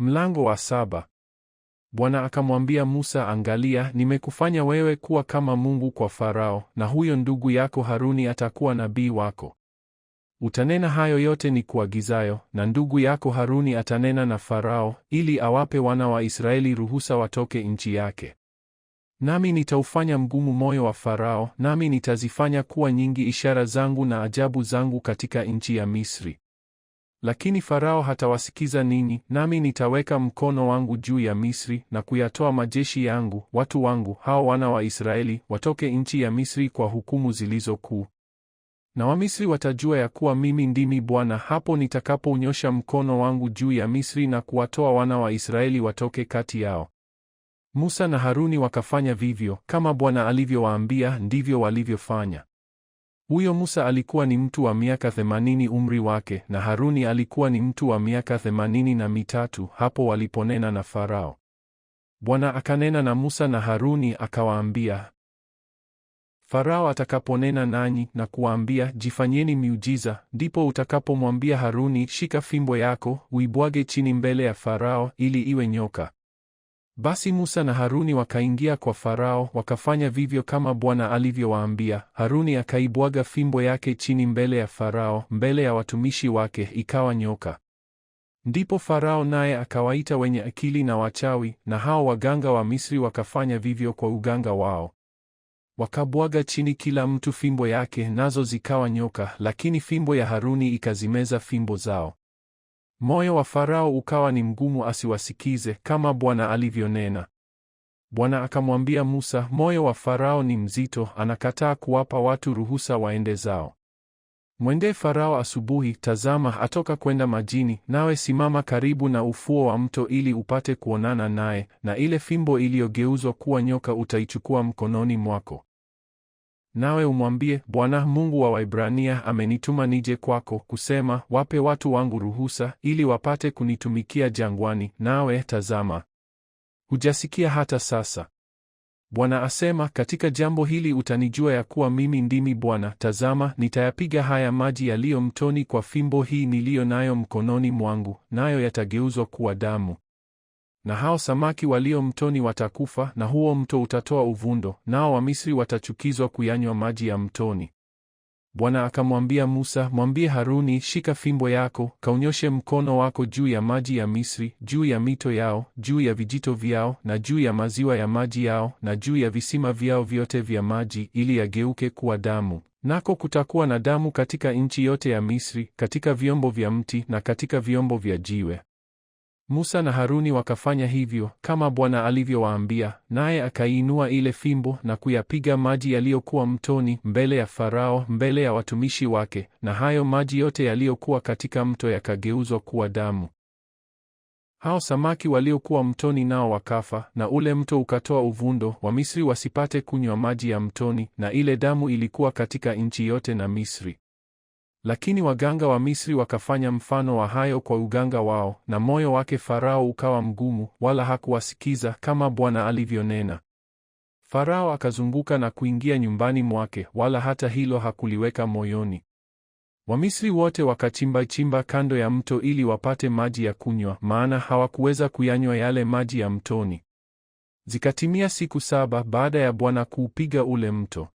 Mlango wa saba. Bwana akamwambia Musa, angalia, nimekufanya wewe kuwa kama Mungu kwa Farao, na huyo ndugu yako Haruni atakuwa nabii wako. Utanena hayo yote ni kuagizayo, na ndugu yako Haruni atanena na Farao, ili awape wana wa Israeli ruhusa watoke nchi yake. Nami nitaufanya mgumu moyo wa Farao, nami nitazifanya kuwa nyingi ishara zangu na ajabu zangu katika nchi ya Misri. Lakini Farao hatawasikiza ninyi, nami nitaweka mkono wangu juu ya Misri na kuyatoa majeshi yangu, watu wangu, hao wana wa Israeli, watoke nchi ya Misri kwa hukumu zilizo kuu. Na Wamisri watajua ya kuwa mimi ndimi Bwana hapo nitakapounyosha mkono wangu juu ya Misri na kuwatoa wana wa Israeli watoke kati yao. Musa na Haruni wakafanya vivyo, kama Bwana alivyowaambia ndivyo walivyofanya. Huyo Musa alikuwa ni mtu wa miaka themanini umri wake, na Haruni alikuwa ni mtu wa miaka themanini na mitatu hapo waliponena na Farao. Bwana akanena na Musa na Haruni akawaambia, Farao atakaponena nanyi na kuwaambia, jifanyeni miujiza, ndipo utakapomwambia Haruni, shika fimbo yako, uibwage chini mbele ya Farao ili iwe nyoka. Basi Musa na Haruni wakaingia kwa Farao, wakafanya vivyo kama Bwana alivyowaambia. Haruni akaibwaga fimbo yake chini mbele ya Farao, mbele ya watumishi wake, ikawa nyoka. Ndipo Farao naye akawaita wenye akili na wachawi, na hao waganga wa Misri wakafanya vivyo kwa uganga wao. Wakabwaga chini kila mtu fimbo yake, nazo zikawa nyoka, lakini fimbo ya Haruni ikazimeza fimbo zao. Moyo wa Farao ukawa ni mgumu asiwasikize kama Bwana alivyonena. Bwana akamwambia Musa, moyo wa Farao ni mzito, anakataa kuwapa watu ruhusa waende zao. Mwendee Farao asubuhi, tazama atoka kwenda majini, nawe simama karibu na ufuo wa mto ili upate kuonana naye, na ile fimbo iliyogeuzwa kuwa nyoka utaichukua mkononi mwako. Nawe umwambie Bwana Mungu wa Waibrania amenituma nije kwako kusema, wape watu wangu ruhusa ili wapate kunitumikia jangwani, nawe tazama, hujasikia hata sasa. Bwana asema, katika jambo hili utanijua ya kuwa mimi ndimi Bwana. Tazama, nitayapiga haya maji yaliyo mtoni kwa fimbo hii niliyo nayo mkononi mwangu, nayo yatageuzwa kuwa damu na hao samaki walio mtoni watakufa, na huo mto utatoa uvundo, nao Wamisri watachukizwa kuyanywa maji ya mtoni. Bwana akamwambia Musa, mwambie Haruni, shika fimbo yako, kaunyoshe mkono wako juu ya maji ya Misri, juu ya mito yao, juu ya vijito vyao, na juu ya maziwa ya maji yao, na juu ya visima vyao vyote vya maji, ili yageuke kuwa damu. Nako kutakuwa na damu katika nchi yote ya Misri, katika vyombo vya mti na katika vyombo vya jiwe. Musa na Haruni wakafanya hivyo kama Bwana alivyowaambia, naye akaiinua ile fimbo na kuyapiga maji yaliyokuwa mtoni mbele ya Farao, mbele ya watumishi wake, na hayo maji yote yaliyokuwa katika mto yakageuzwa kuwa damu. Hao samaki waliokuwa mtoni nao wakafa, na ule mto ukatoa uvundo, Wamisri wasipate kunywa maji ya mtoni, na ile damu ilikuwa katika nchi yote na Misri. Lakini waganga wa Misri wakafanya mfano wa hayo kwa uganga wao, na moyo wake Farao ukawa mgumu, wala hakuwasikiza kama Bwana alivyonena. Farao akazunguka na kuingia nyumbani mwake, wala hata hilo hakuliweka moyoni. Wamisri wote wakachimba chimba kando ya mto ili wapate maji ya kunywa, maana hawakuweza kuyanywa yale maji ya mtoni. Zikatimia siku saba baada ya Bwana kuupiga ule mto.